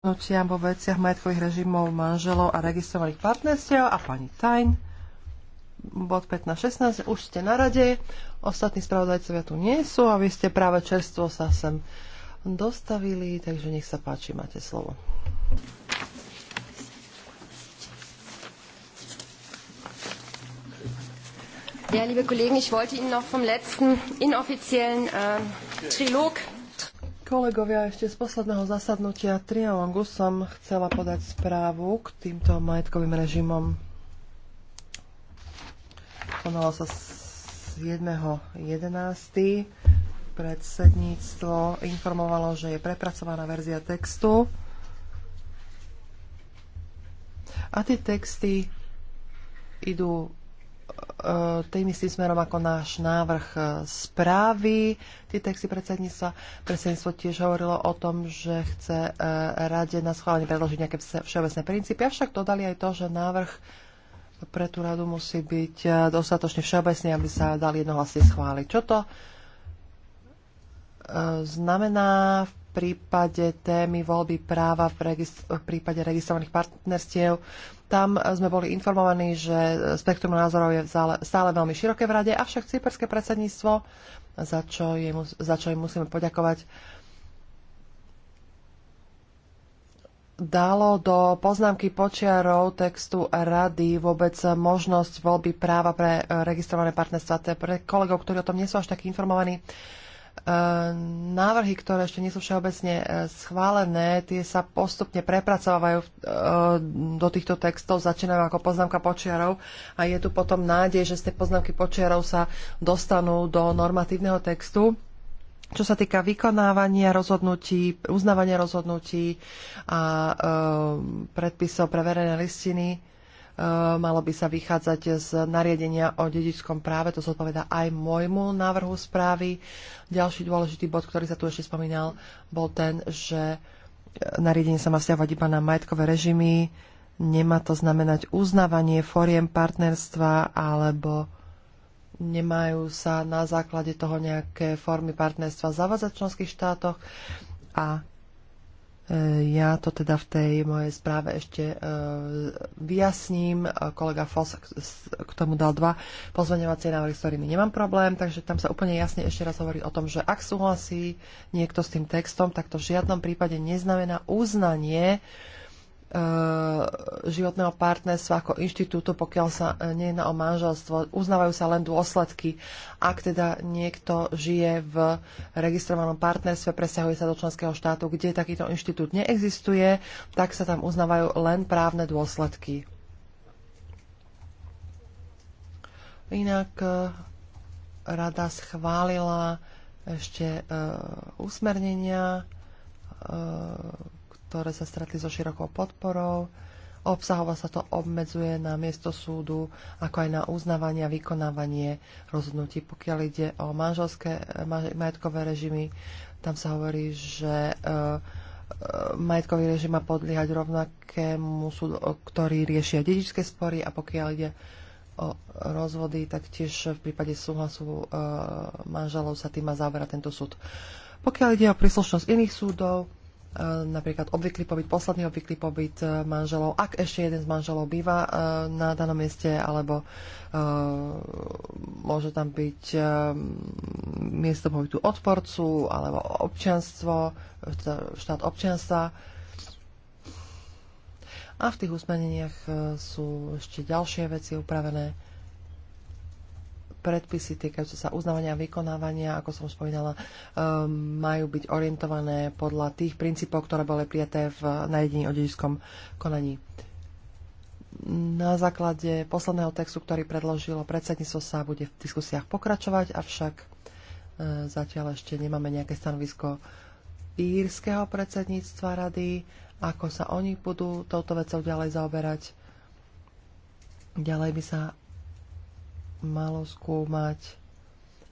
rozhodnutiam vo veciach majetkových režimov manželov a registrovaných partnerstiev a pani Tajn. Bod 15.16, už ste na rade, ostatní spravodajcovia tu nie sú a vy ste práve čerstvo sa sem dostavili, takže nech sa páči, máte slovo. Ja, liebe Kollegen, ich wollte Ihnen noch vom letzten inoffiziellen äh, Trilog Kolegovia, ešte z posledného zasadnutia Trialongu som chcela podať správu k týmto majetkovým režimom. Konalo sa 1.11. Predsedníctvo informovalo, že je prepracovaná verzia textu. A tie texty idú E, tým istým smerom ako náš návrh e, správy. Tí texty predsedníctva. Predsedníctvo tiež hovorilo o tom, že chce e, rade na schválenie predložiť nejaké všeobecné princípy. Avšak dodali aj to, že návrh pre tú radu musí byť dostatočne všeobecný, aby sa dali jednohlasne schváliť. Čo to znamená v prípade témy voľby práva v, v prípade registrovaných partnerstiev? Tam sme boli informovaní, že spektrum názorov je stále veľmi široké v rade, avšak cyperské predsedníctvo, za čo, je, za čo im musíme poďakovať, dalo do poznámky počiarov textu rady vôbec možnosť voľby práva pre registrované partnerstva. To je pre kolegov, ktorí o tom nie sú až tak informovaní návrhy, ktoré ešte nie sú všeobecne e, schválené, tie sa postupne prepracovávajú e, do týchto textov, začínajú ako poznámka počiarov a je tu potom nádej, že z tej poznámky počiarov sa dostanú do normatívneho textu. Čo sa týka vykonávania rozhodnutí, uznávania rozhodnutí a e, predpisov pre verejné listiny, Eh, malo by sa vychádzať z nariadenia o dedičskom práve, to zodpoveda aj môjmu návrhu správy. Ďalší dôležitý bod, ktorý sa tu ešte spomínal, bol ten, že eh, nariadenie sa má vzťahovať iba na majetkové režimy, nemá to znamenať uznávanie foriem partnerstva alebo nemajú sa na základe toho nejaké formy partnerstva zavádzať v členských štátoch a E, ja to teda v tej mojej správe ešte e, vyjasním. Kolega Fos k tomu dal dva pozvaňovacie návrhy, s ktorými nemám problém, takže tam sa úplne jasne ešte raz hovorí o tom, že ak súhlasí niekto s tým textom, tak to v žiadnom prípade neznamená uznanie E, životného partnerstva ako inštitútu, pokiaľ sa e, nejedná o manželstvo. Uznávajú sa len dôsledky. Ak teda niekto žije v registrovanom partnerstve, presahuje sa do členského štátu, kde takýto inštitút neexistuje, tak sa tam uznávajú len právne dôsledky. Inak e, rada schválila ešte usmernenia ktoré sa stretli so širokou podporou. Obsahovo sa to obmedzuje na miesto súdu, ako aj na uznávanie a vykonávanie rozhodnutí. Pokiaľ ide o manželské majetkové režimy, tam sa hovorí, že e, e, majetkový režim má podliehať rovnakému súdu, ktorý riešia dedičské spory a pokiaľ ide o rozvody, tak tiež v prípade súhlasu e, manželov sa tým má zaoberať tento súd. Pokiaľ ide o príslušnosť iných súdov, E, napríklad obvyklý pobyt, posledný obvyklý pobyt e, manželov, ak ešte jeden z manželov býva e, na danom mieste, alebo môže tam byť miesto pobytu odporcu, alebo občianstvo, štát občianstva. A v tých usmerneniach sú ešte ďalšie veci upravené predpisy týkajúce sa uznávania a vykonávania, ako som spomínala, um, majú byť orientované podľa tých princípov, ktoré boli prijaté v najedení o dedičskom konaní. Na základe posledného textu, ktorý predložilo predsedníctvo, sa bude v diskusiách pokračovať, avšak uh, zatiaľ ešte nemáme nejaké stanovisko írskeho predsedníctva rady, ako sa oni budú touto vecou ďalej zaoberať. Ďalej by sa malo skúmať,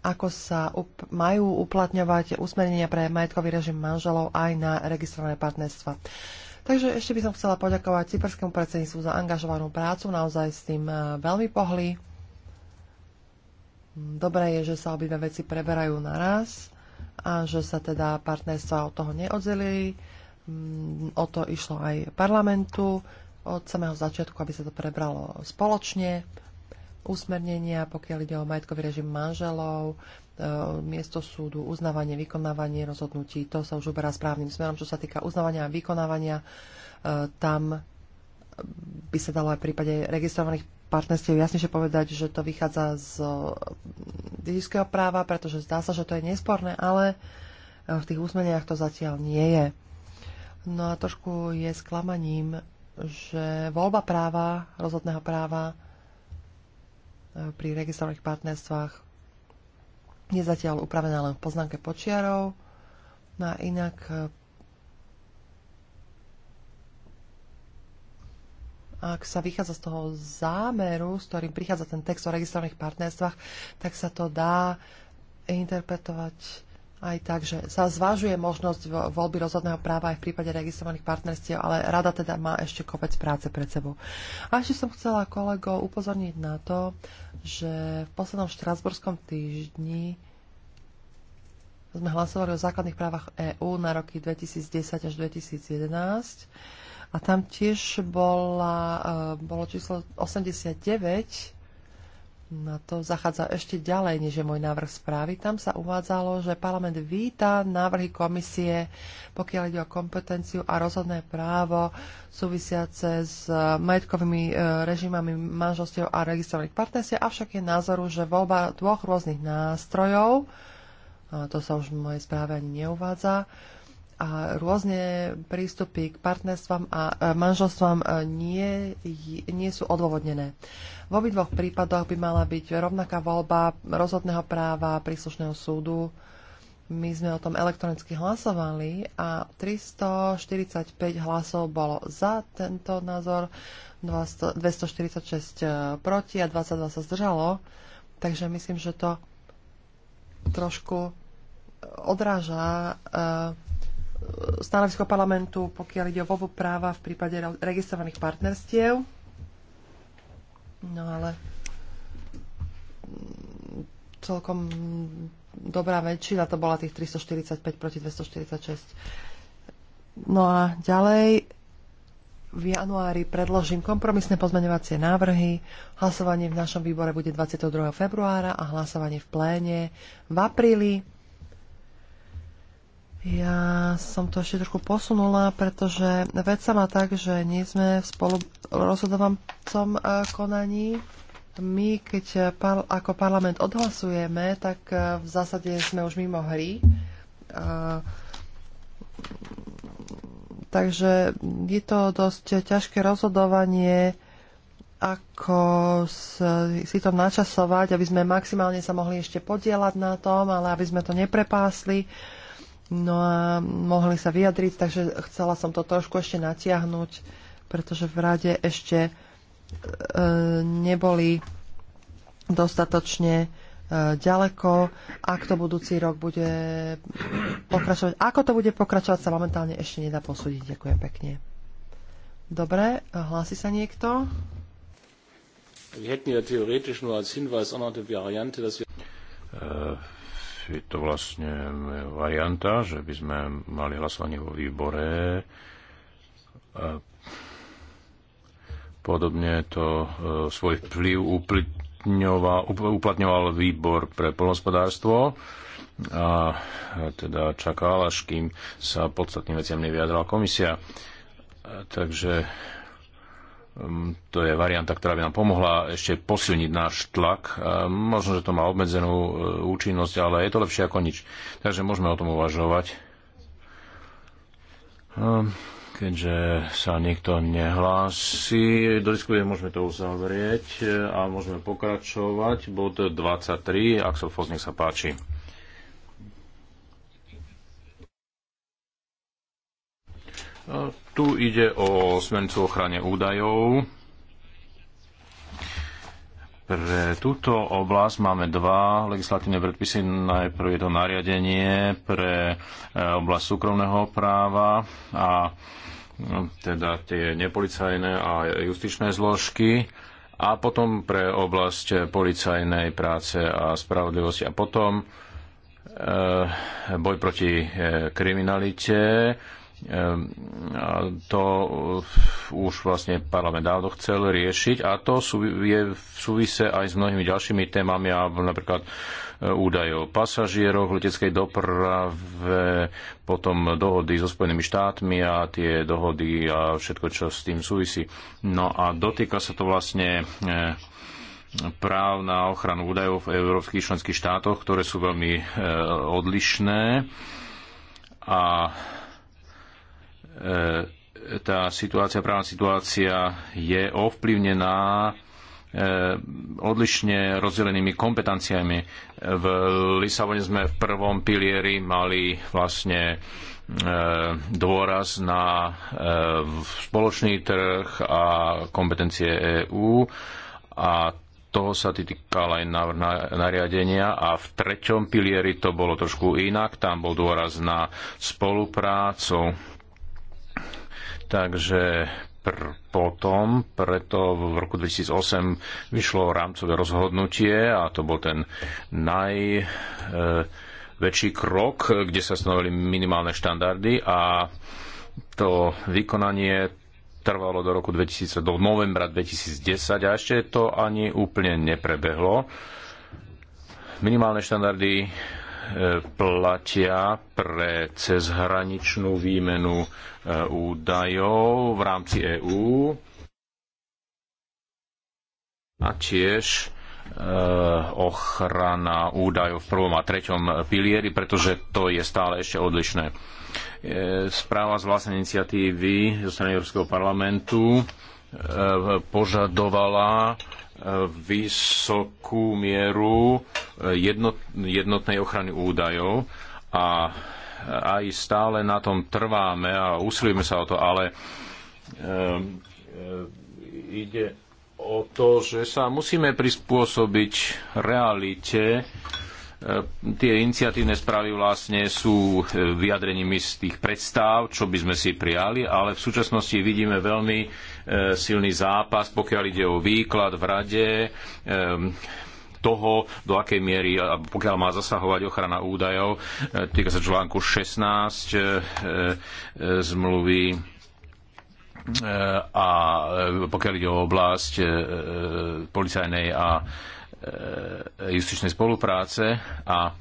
ako sa up- majú uplatňovať usmernenia pre majetkový režim manželov aj na registrované partnerstva. Takže ešte by som chcela poďakovať cyperskému predsedníctvu za angažovanú prácu, naozaj s tým eh, veľmi pohli. Dobré je, že sa obidve veci preberajú naraz a že sa teda partnerstva od toho neoddelili. Mm, o to išlo aj parlamentu od samého začiatku, aby sa to prebralo spoločne usmernenia, pokiaľ ide o majetkový režim manželov, e, miesto súdu, uznávanie, vykonávanie rozhodnutí, to sa už uberá správnym smerom. Čo sa týka uznávania a vykonávania, e, tam by sa dalo aj v prípade registrovaných partnerstiev jasnejšie povedať, že to vychádza z dedičského práva, pretože zdá sa, že to je nesporné, ale e, v tých úsmeniach to zatiaľ nie je. No a trošku je sklamaním, že voľba práva, rozhodného práva pri registrovaných partnerstvách je zatiaľ upravená len v poznámke počiarov. No a inak eh, ak sa vychádza z toho zámeru, s ktorým prichádza ten text o registrovaných partnerstvách, tak sa to dá interpretovať aj tak, že sa zvažuje možnosť voľby rozhodného práva aj v prípade registrovaných partnerstiev, ale rada teda má ešte kopec práce pred sebou. A ešte som chcela kolego upozorniť na to, že v poslednom štrasburskom týždni sme hlasovali o základných právach EÚ na roky 2010 až 2011 a tam tiež bola, e, bolo číslo 89 na to zachádza ešte ďalej, než je môj návrh správy. Tam sa uvádzalo, že parlament víta návrhy komisie, pokiaľ ide o kompetenciu a rozhodné právo súvisiace s e, majetkovými e, režimami manželstiev a registrovaných partnerstiev, avšak je názoru, že voľba dvoch rôznych nástrojov, to sa už v mojej správe ani neuvádza, a rôzne prístupy k partnerstvám a manželstvám e, nie, nie sú odôvodnené. V obidvoch prípadoch by mala byť rovnaká voľba rozhodného práva príslušného súdu. My sme o tom elektronicky hlasovali a 345 hlasov bolo za tento názor, 246 e, proti a 22 sa zdržalo. Takže myslím, že to trošku odráža e, stanovisko parlamentu, pokiaľ ide o voľbu práva v prípade registrovaných partnerstiev. No ale mm, celkom dobrá väčšina to bola tých 345 proti 246. No a ďalej v januári predložím kompromisné pozmeňovacie návrhy. Hlasovanie v našom výbore bude 22. februára a hlasovanie v pléne v apríli ja som to ešte trošku posunula, pretože vec sa má tak, že nie sme v spolu rozhodovancom eh, konaní. My, keď eh, par- ako parlament odhlasujeme, tak eh, v zásade sme už mimo hry. Takže je to dosť ťažké rozhodovanie, ako si to načasovať, aby sme maximálne sa mohli ešte podielať na tom, ale aby sme to neprepásli. No a mohli sa vyjadriť, takže chcela som to trošku ešte natiahnuť, pretože v rade ešte e, neboli dostatočne e, ďaleko. Ak to budúci rok bude pokračovať, ako to bude pokračovať, sa momentálne ešte nedá posúdiť. Ďakujem pekne. Dobre, hlási sa niekto? Wir hätten ja theoretisch nur als Hinweis auch noch Variante, dass Uh je to vlastne varianta, že by sme mali hlasovanie vo výbore. Podobne to e, svoj vplyv uplatňoval, výbor pre polnospodárstvo a teda čakal, až kým sa podstatným veciam neviadrala komisia. Takže Ehm, to je varianta, ktorá by nám pomohla ešte posilniť náš tlak. Ehm, možno, že to má obmedzenú e, účinnosť, ale je to lepšie ako nič. Takže môžeme o tom uvažovať. Ehm, keďže sa nikto nehlási, do diskusie môžeme to uzavrieť e, a môžeme pokračovať. Bod 23, Axel Fos, nech sa páči. No tu ide o smernicu ochrane údajov. Pre túto oblasť máme dva legislatívne predpisy. Najprv je to nariadenie pre e, oblasť súkromného práva a no, teda tie nepolicajné a justičné zložky a potom pre oblasť policajnej práce a spravodlivosti a potom e, boj proti e, kriminalite Ehm, to eh, už vlastne parlament dávno chcel riešiť a to je v súvise aj s mnohými ďalšími témami a napríklad eh, údaje o pasažieroch, leteckej doprave, potom dohody so Spojenými štátmi a tie dohody a všetko, čo s tým súvisí. No a dotýka sa to vlastne eh, práv na ochranu údajov v európskych členských štátoch, ktoré sú veľmi odlišné a E, e, tá situácia, právna situácia je ovplyvnená e, odlišne rozdelenými kompetenciami. V Lisabone sme v prvom pilieri mali vlastne dôraz na spoločný trh a kompetencie EÚ a toho sa týkala aj návrh nariadenia a v treťom pilieri to bolo trošku inak. Tam bol dôraz na spoluprácu takže pr- potom, preto v roku 2008 vyšlo rámcové rozhodnutie a to bol ten najväčší E, krok, kde sa stanovili minimálne štandardy a to vykonanie trvalo do roku 2000, do novembra 2010 a ešte to ani úplne neprebehlo. Minimálne štandardy platia pre cezhraničnú výmenu e, údajov v rámci EÚ a tiež e, ochrana údajov v prvom a treťom pilieri, pretože to je stále ešte odlišné. E, správa z vlastnej iniciatívy zo strany Európskeho parlamentu požadovala vysokú mieru jednotnej ochrany údajov a aj stále na tom trváme a usilujeme sa o to, ale e, e, ide o to, že sa musíme prispôsobiť realite. E, tie iniciatívne správy vlastne sú e, vyjadrením z tých predstav, čo by sme si prijali, ale v súčasnosti vidíme veľmi e, silný zápas, pokiaľ ide o výklad v rade, ehm, toho, do akej miery, pokiaľ má zasahovať ochrana údajov, e, týka sa článku 16 e, e, zmluvy a pokiaľ ide o oblasť policajnej a justičnej spolupráce a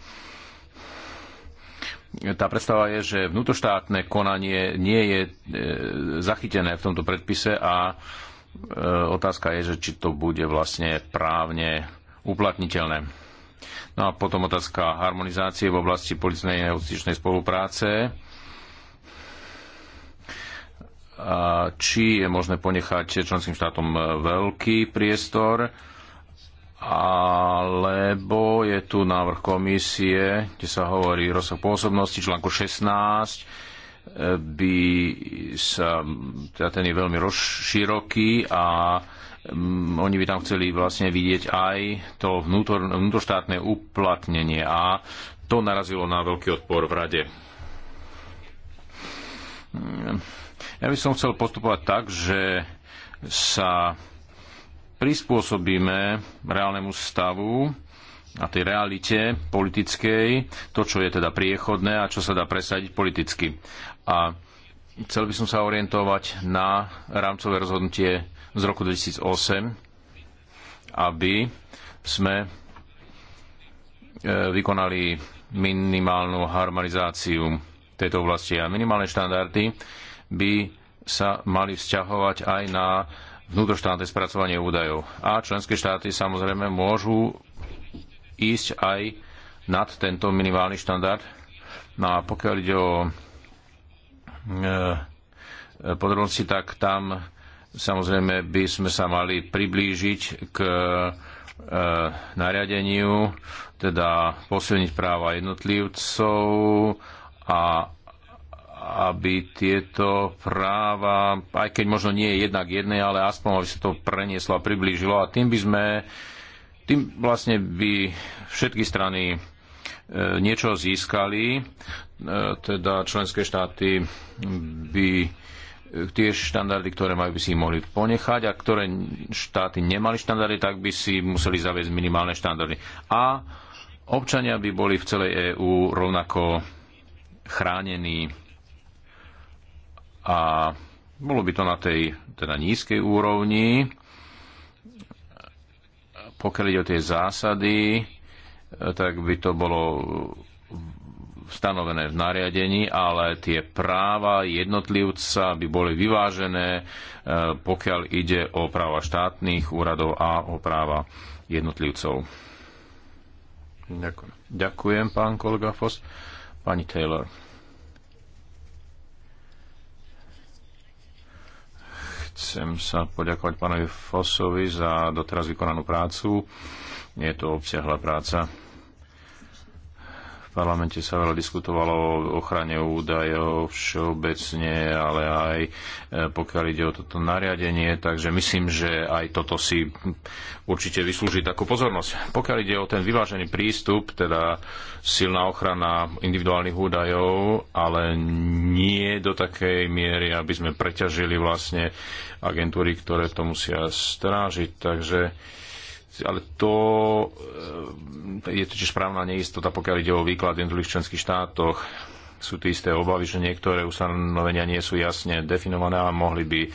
tá predstava je, že vnútoštátne konanie nie je zachytené v tomto predpise a otázka je, že či to bude vlastne právne uplatniteľné. No a potom otázka harmonizácie v oblasti policnej a justičnej spolupráce. Či je možné ponechať členským štátom e, veľký priestor, alebo je tu návrh komisie, kde sa hovorí rozsah pôsobnosti, článku 16, e, by sa, teda ten je veľmi rozširoký široký a Mm, oni by tam chceli vlastne vidieť aj to vnútor, vnútroštátne uplatnenie a to narazilo na veľký odpor v rade. Mm, ja by som chcel postupovať tak, že sa prispôsobíme reálnemu stavu a tej realite politickej, to, čo je teda priechodné a čo sa dá presadiť politicky. A chcel by som sa orientovať na rámcové rozhodnutie z roku 2008, aby sme e, vykonali minimálnu harmonizáciu tejto oblasti. A minimálne štandardy by sa mali vzťahovať aj na vnútroštátne spracovanie údajov. A členské štáty samozrejme môžu ísť aj nad tento minimálny štandard. No a pokiaľ ide o e, podrobnosti, tak tam Samozrejme by sme sa mali priblížiť k e, nariadeniu, teda posilniť práva jednotlivcov a aby tieto práva, aj keď možno nie je jednak jednej, ale aspoň aby sa to prenieslo a priblížilo a tým by sme, tým vlastne by všetky strany e, niečo získali, e, teda členské štáty by tie štandardy, ktoré majú, by si mohli ponechať a ktoré štáty nemali štandardy, tak by si museli zaviesť minimálne štandardy. A občania by boli v celej EÚ rovnako chránení a bolo by to na tej teda nízkej úrovni. Pokiaľ ide o tie zásady, tak by to bolo stanovené v nariadení, ale tie práva jednotlivca by boli vyvážené, e, pokiaľ ide o práva štátnych úradov a o práva jednotlivcov. Ďakujem. Ďakujem, pán kolega Fos. Pani Taylor. Chcem sa poďakovať pánovi Fosovi za doteraz vykonanú prácu. Je to obsiahla práca parlamente sa veľa diskutovalo o ochrane údajov všeobecne, ale aj e, pokiaľ ide o toto nariadenie, takže myslím, že aj toto si určite vyslúži takú pozornosť. Pokiaľ ide o ten vyvážený prístup, teda silná ochrana individuálnych údajov, ale nie do takej miery, aby sme preťažili vlastne agentúry, ktoré to musia strážiť. Takže ale to e, je totiž právna neistota, pokiaľ ide o výklad v jednotlivých členských štátoch. Sú tu isté obavy, že niektoré ustanovenia nie sú jasne definované a mohli by e,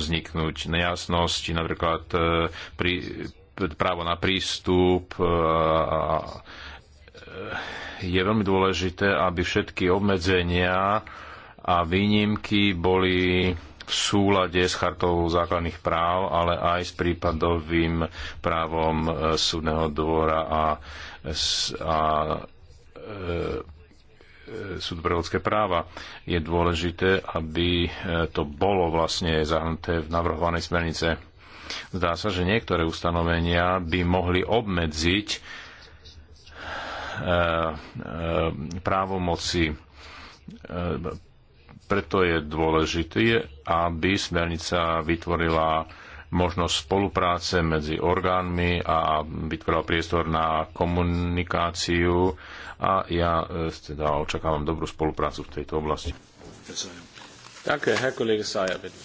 vzniknúť nejasnosti, napríklad e, pri, právo na prístup a je veľmi dôležité, aby všetky obmedzenia a výnimky boli v súlade s chartou základných práv, ale aj s prípadovým právom e, súdneho dvora a, a e, e súd pre práva. Je dôležité, aby e, to bolo vlastne zahrnuté v navrhovanej smernice. Zdá sa, že niektoré ustanovenia by mohli obmedziť e, e, právomoci preto je dôležité, aby smernica vytvorila možnosť spolupráce medzi orgánmi a vytvorila priestor na komunikáciu a ja e, teda očakávam dobrú spoluprácu v tejto oblasti. Herr Kollege Sayer, bitte.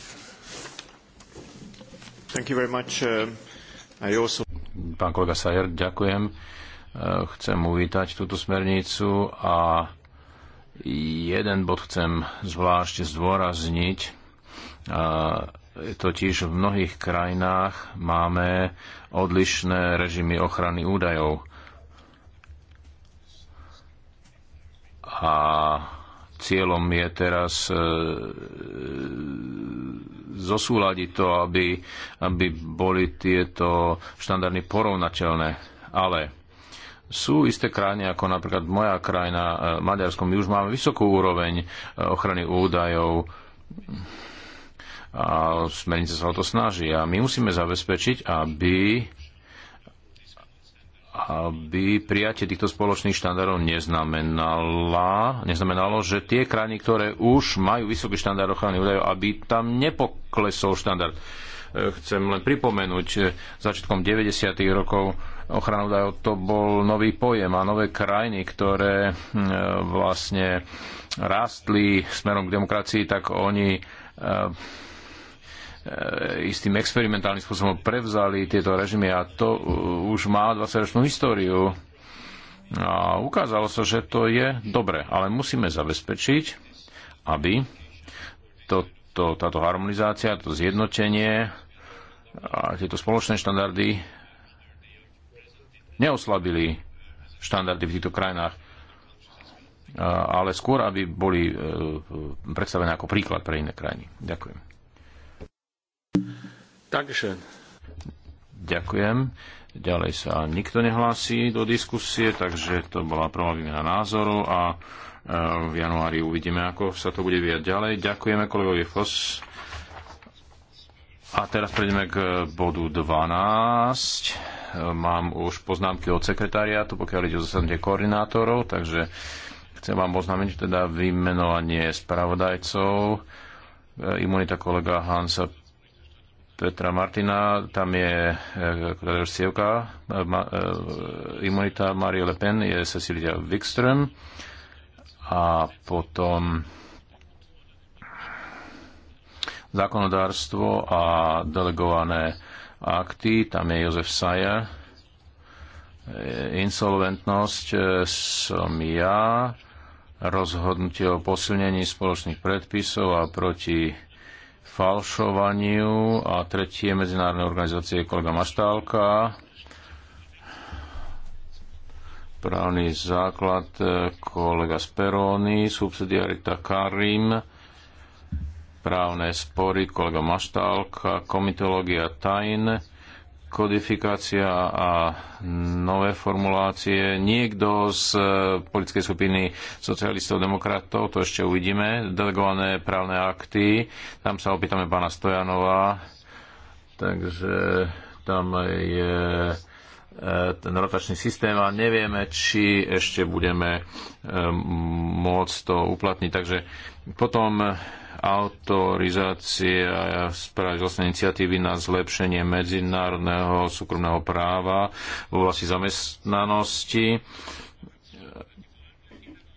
Thank you very much. Uh, I also... Pán kolega Sayer, ďakujem. E, chcem uvítať túto smernicu a Jeden bod chcem zvlášť zdôrazniť. Totiž v mnohých krajinách máme odlišné režimy ochrany údajov. A cieľom je teraz e, zosúľadiť to, aby, aby boli tieto štandardy porovnateľné. Ale sú isté krajiny, ako napríklad moja krajina, e, Maďarsko, my už máme vysokú úroveň e, ochrany údajov a smernica sa o to snaží. A my musíme zabezpečiť, aby aby prijatie týchto spoločných štandardov neznamenala, neznamenalo, že tie krajiny, ktoré už majú vysoký štandard ochrany údajov, aby tam nepoklesol štandard. E, chcem len pripomenúť, začiatkom 90. rokov ochranu údajov to bol nový pojem a nové krajiny, ktoré hm, vlastne rástli smerom k demokracii, tak oni hm, hm, istým experimentálnym spôsobom prevzali tieto režimy a to už má 20-ročnú históriu. A ukázalo sa, že to je dobre, ale musíme zabezpečiť, aby to, táto harmonizácia, to zjednotenie a tieto spoločné štandardy neoslabili štandardy v týchto krajinách, ale skôr, aby boli e, predstavené ako príklad pre iné krajiny. Ďakujem. Takže. Ďakujem. Ďalej sa nikto nehlási do diskusie, takže to bola prvá výmena názoru a e, v januári uvidíme, ako sa to bude vyjať ďalej. Ďakujeme kolegovi Fos. A teraz prejdeme k bodu 12 mám už poznámky od sekretariátu, pokiaľ ide o zasadnutie koordinátorov, takže chcem vám oznámiť teda vymenovanie spravodajcov. E, imunita kolega Hansa Petra Martina, tam je e, Kladr Sievka, e, imunita Marie Le Pen je Cecilia Wikström a potom zákonodárstvo a delegované akty, tam je Jozef Saja. E, insolventnosť e, som ja, rozhodnutie o posilnení spoločných predpisov a proti falšovaniu a tretie medzinárodné organizácie kolega Maštálka. Právny základ e, kolega Speroni, subsidiarita Karim právne spory, kolega Maštálka, komitológia tajn, kodifikácia a nové formulácie. Niekto z eh, politickej skupiny socialistov, demokratov, to ešte uvidíme, delegované právne akty, tam sa opýtame pána Stojanova, takže tam je eh, ten rotačný systém a nevieme, či ešte budeme eh, môcť to uplatniť. Takže potom eh, autorizácia správy vlastnej iniciatívy na zlepšenie medzinárodného súkromného práva v oblasti zamestnanosti.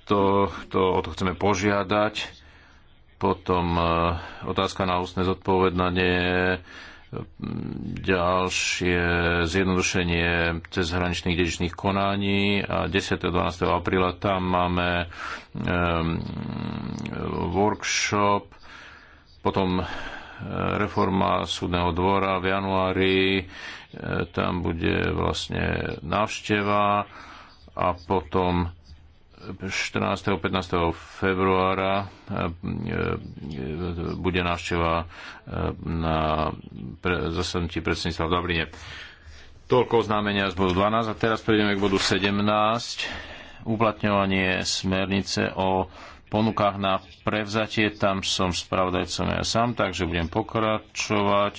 To, to, o to chceme požiadať. Potom eh, otázka na ústne zodpovedanie ďalšie zjednodušenie cezhraničných dedičných konaní a 10. a 12. apríla tam máme um, workshop, potom eh, reforma súdneho dvora v januári, eh, tam bude vlastne návšteva a potom 14. 15. februára e, e, bude návšteva e, na zasadnutí predsedníctva v Dubline. Toľko oznámenia z bodu 12 a teraz prejdeme k bodu 17. Uplatňovanie smernice o ponukách na prevzatie. Tam som spravodajcom ja sám, takže budem pokračovať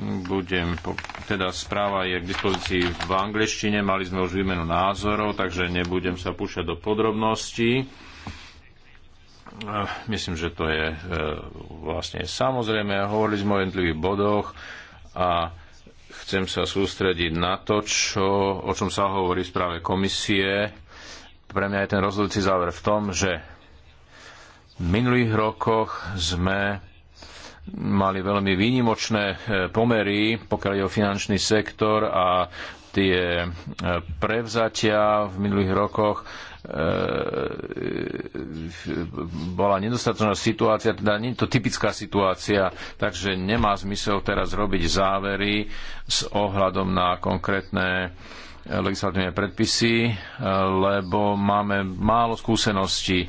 budem, teda správa je k dispozícii v angličtine, mali sme už výmenu názorov, takže nebudem sa púšať do podrobností. Eh, myslím, že to je eh, vlastne samozrejme, hovorili sme o jednotlivých bodoch a chcem sa sústrediť na to, čo, o čom sa hovorí v správe komisie. Pre mňa je ten rozhodujúci záver v tom, že v minulých rokoch sme mali veľmi výnimočné e, pomery, pokiaľ je o finančný sektor a tie e, prevzatia v minulých rokoch e, bola nedostatočná situácia, teda nie je to typická situácia, takže nemá zmysel teraz robiť závery s ohľadom na konkrétne legislatívne predpisy, lebo máme málo skúseností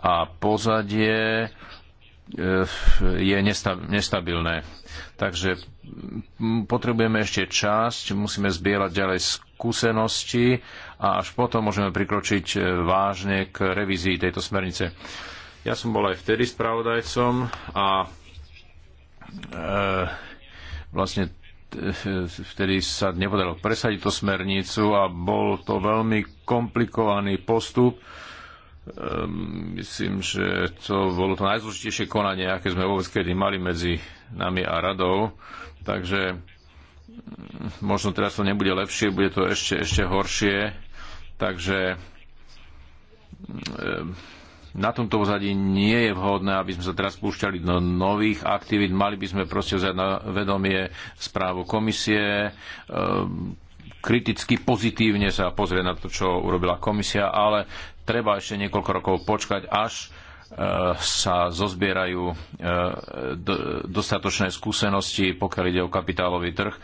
a pozadie E, je nestabilné. Takže potrebujeme ešte časť, musíme zbierať ďalej skúsenosti a až potom môžeme prikročiť e, vážne k revízii tejto smernice. Ja som bol aj vtedy spravodajcom a e, vlastne vtedy sa nepodarilo presadiť tú smernicu a bol to veľmi komplikovaný postup Ehm, myslím, že to bolo to najzložitejšie konanie, aké sme vôbec kedy mali medzi nami a radou. Takže mm, možno teraz to nebude lepšie, bude to ešte, ešte horšie. Takže mm, ehm, na tomto pozadí nie je vhodné, aby sme sa teraz púšťali do nových aktivít. Mali by sme proste vziať na vedomie správu komisie, ehm, kriticky pozitívne sa pozrieť na to, čo urobila komisia, ale treba ešte niekoľko rokov počkať, až e, sa zozbierajú e, dostatočné skúsenosti, pokiaľ ide o kapitálový trh.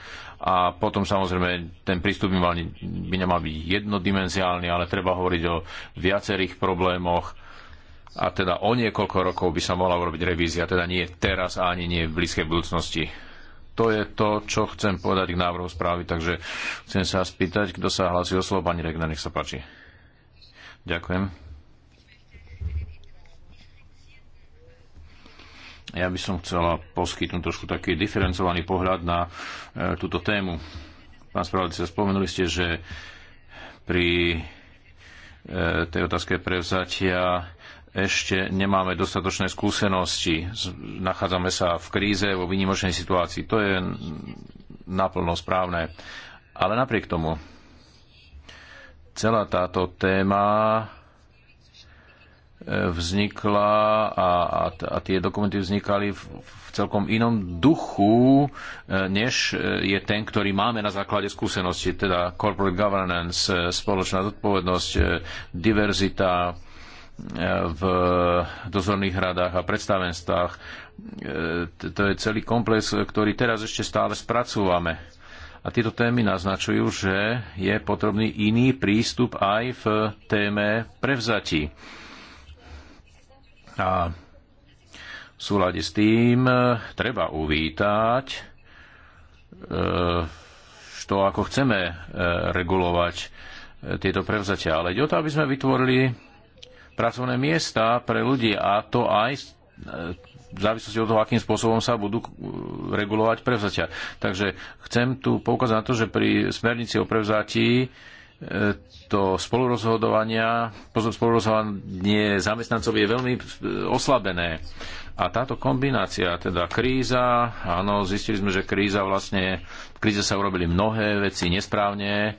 A potom samozrejme ten prístup by, mal, by nemal byť jednodimenziálny, ale treba hovoriť o viacerých problémoch. A teda o niekoľko rokov by sa mohla urobiť revízia, teda nie teraz a ani nie v blízkej budúcnosti to je to, čo chcem povedať k návrhu správy, takže chcem sa spýtať, kto sa hlási o slovo. Pani Regna, nech sa páči. Ďakujem. Ja by som chcela poskytnúť trošku taký diferencovaný pohľad na e, túto tému. Pán spravodajca, spomenuli ste, že pri e, tej otázke prevzatia ešte nemáme dostatočné skúsenosti. Nachádzame sa v kríze, vo výnimočnej situácii. To je naplno správne. Ale napriek tomu, celá táto téma e, vznikla a, a, a tie dokumenty vznikali v, v celkom inom duchu, e, než e, je ten, ktorý máme na základe skúsenosti, teda corporate governance, spoločná zodpovednosť, diverzita, v dozorných radách a predstavenstvách. E, to je celý komplex, ktorý teraz ešte stále spracúvame. A tieto témy naznačujú, že je potrebný iný prístup aj v téme prevzatí. A v súlade s tým e, treba uvítať e, to, ako chceme regulovať tieto prevzatia. Ale ide o to, aby sme vytvorili pracovné miesta pre ľudí a to aj e, v závislosti od toho, akým spôsobom sa budú e, regulovať prevzatia. Takže chcem tu poukázať na to, že pri smernici o prevzatí e, to spolurozhodovania, spolurozhodovanie zamestnancov je veľmi oslabené. A táto kombinácia, teda kríza, áno, zistili sme, že kríza vlastne, v kríze sa urobili mnohé veci nesprávne,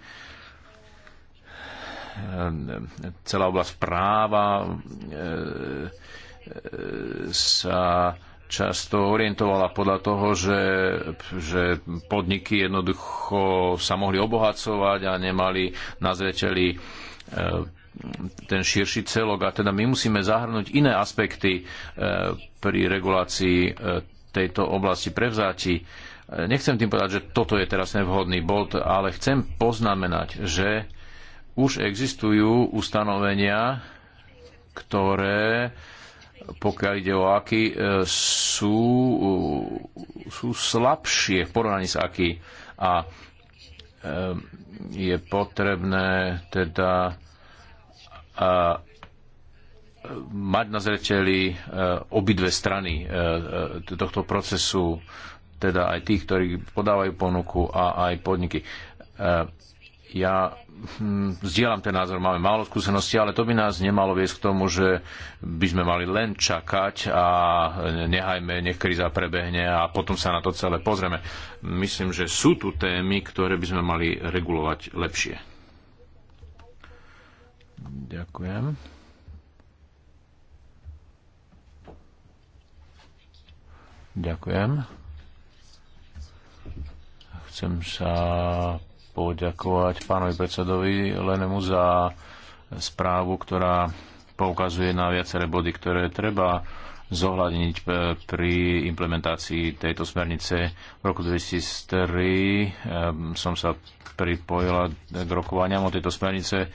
Ehm, celá oblasť práva ehm, e, e, sa často orientovala podľa toho, že, že podniky jednoducho sa mohli obohacovať a nemali na zreteli ehm, ten širší celok. A teda my musíme zahrnúť iné aspekty pri regulácii e, tejto oblasti prevzáti. Nechcem tým povedať, že toto je teraz nevhodný bod, ale chcem poznamenať, že už existujú ustanovenia, ktoré pokiaľ ide o aký, e, sú, e, sú slabšie v porovnaní s aký. A e, je potrebné teda a mať na zreteli obidve strany tohto procesu, teda aj tých, ktorí podávajú ponuku a aj podniky. Ja hm, zdieľam ten názor, máme málo skúseností, ale to by nás nemalo viesť k tomu, že by sme mali len čakať a nehajme, nech kríza prebehne a potom sa na to celé pozrieme. Myslím, že sú tu témy, ktoré by sme mali regulovať lepšie. Ďakujem. Ďakujem. Chcem sa poďakovať pánovi predsedovi Lenemu za správu, ktorá poukazuje na viaceré body, ktoré treba zohľadniť pri implementácii tejto smernice. V roku 2003 ehm, som sa pripojila k rokovaniam o tejto smernice.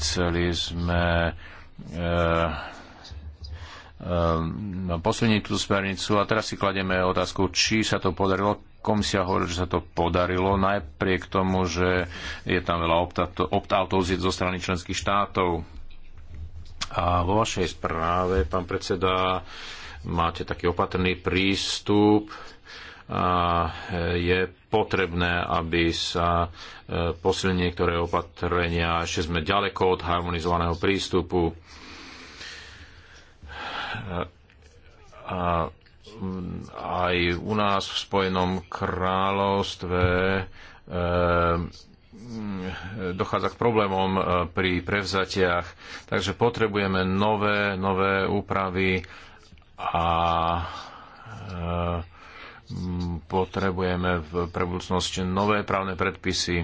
Chceli sme ehm, Ehm, no, posilniť tú smernicu a teraz si kladieme otázku, či sa to podarilo. Komisia hovorí, že sa to podarilo, napriek tomu, že je tam veľa optátov zo strany členských štátov. A vo vašej správe, pán predseda, máte taký opatrný prístup a e, je potrebné, aby sa e, posilnili niektoré opatrenia. Ešte sme ďaleko od harmonizovaného prístupu a aj u nás v Spojenom kráľovstve e, dochádza k problémom e, pri prevzatiach, takže potrebujeme nové, nové úpravy a e, potrebujeme v prebudúcnosti nové právne predpisy.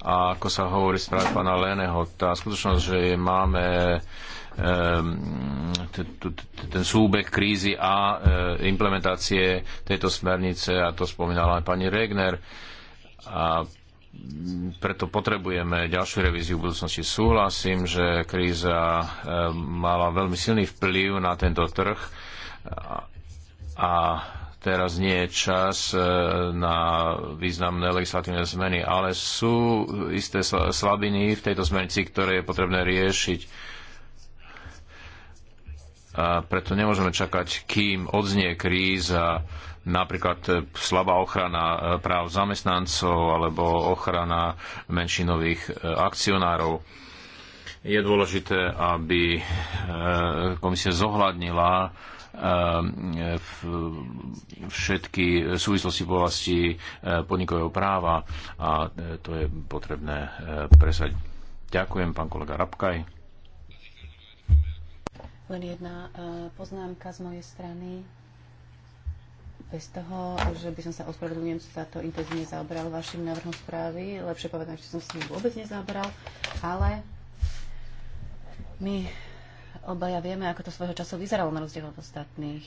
A ako sa hovorí správe pána Leného, tá skutočnosť, že máme Ehm, ten súbeh krízy a e, implementácie tejto smernice, a to spomínala aj pani Regner, a preto potrebujeme ďalšiu revíziu v budúcnosti. Súhlasím, že kríza e, mala veľmi silný vplyv na tento trh a teraz nie je čas e, na významné legislatívne zmeny, ale sú isté slabiny v tejto zmenici, ktoré je potrebné riešiť a preto nemôžeme čakať, kým odznie kríza, napríklad e, slabá ochrana e, práv zamestnancov alebo ochrana menšinových e, akcionárov. Je dôležité, aby komisia zohľadnila všetky súvislosti v oblasti podnikového práva a to je potrebné presať. Ďakujem, pán kolega Rabkaj. Len jedna e, poznámka z mojej strany. Bez toho, že by som sa ospravedlňujem, sa to intenzívne zaoberal vašim návrhom správy. Lepšie povedať, že som s ním vôbec nezaoberal, ale my obaja vieme, ako to svojho času vyzeralo na rozdiel od ostatných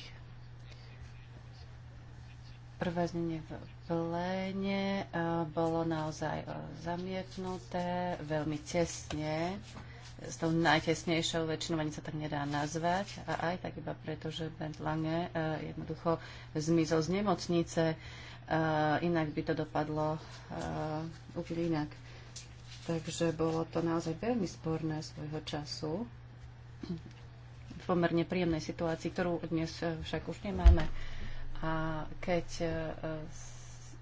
prvé znenie v pléne e, bolo naozaj e, zamietnuté veľmi tesne s tou najtesnejšou väčšinou ani sa tak nedá nazvať. A aj tak iba preto, že Bent Lange e, jednoducho zmizol z nemocnice, e, inak by to dopadlo e, úplne inak. Takže bolo to naozaj veľmi sporné svojho času v pomerne príjemnej situácii, ktorú dnes však už nemáme. A keď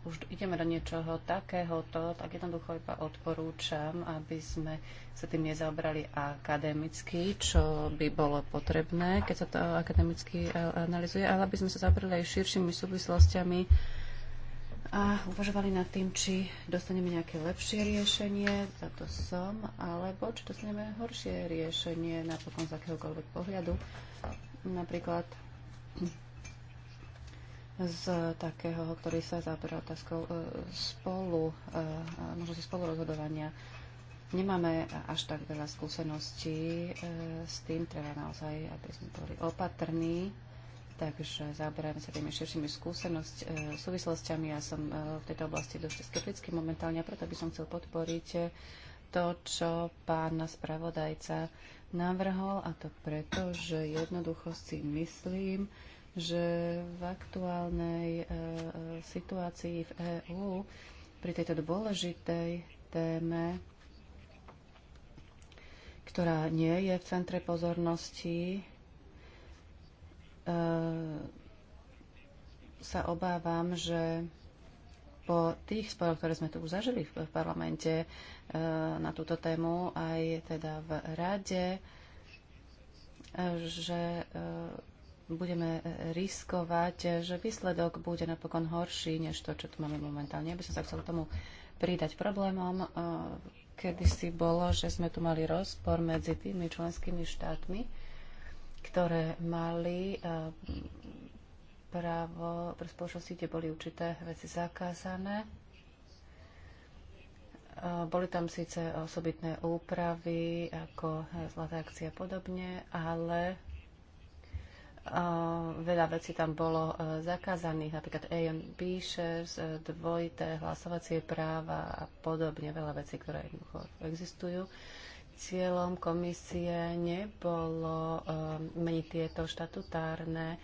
už ideme do niečoho takéhoto, tak jednoducho iba odporúčam, aby sme sa tým nezaobrali akademicky, čo by bolo potrebné, keď sa to akademicky e, analizuje, ale aby sme sa zaobrali aj širšími súvislostiami a uvažovali nad tým, či dostaneme nejaké lepšie riešenie, za to som, alebo či dostaneme horšie riešenie napokon z akéhokoľvek pohľadu. Napríklad z takého, ktorý sa zaoberá otázkou e, spolu, e, možno si spolu rozhodovania. Nemáme až tak veľa skúseností e, s tým, treba naozaj, aby sme boli opatrní, takže zaoberáme sa tými širšími skúsenosť, súvislostiami. Ja som v tejto oblasti dosť skeptický momentálne a preto by som chcel podporiť to, čo pán spravodajca navrhol a to preto, že jednoducho si myslím, že v aktuálnej e, e, situácii v EÚ pri tejto dôležitej téme, ktorá nie je v centre pozornosti, e, sa obávam, že po tých sporoch, ktoré sme tu už zažili v parlamente na túto tému, aj teda v rade, že budeme e, riskovať, e, že výsledok bude napokon horší, než to, čo tu máme momentálne. Ja by som sa chcel tomu pridať problémom. E, Kedy si bolo, že sme tu mali rozpor medzi tými členskými štátmi, ktoré mali právo pre spoločnosti, kde boli určité veci zakázané. Boli tam síce osobitné úpravy ako zlatá akcia a podobne, ale Veľa vecí tam bolo zakázaných, napríklad A&B shares, dvojité hlasovacie práva a podobne, veľa vecí, ktoré jednoducho existujú. Cieľom komisie nebolo meniť tieto štatutárne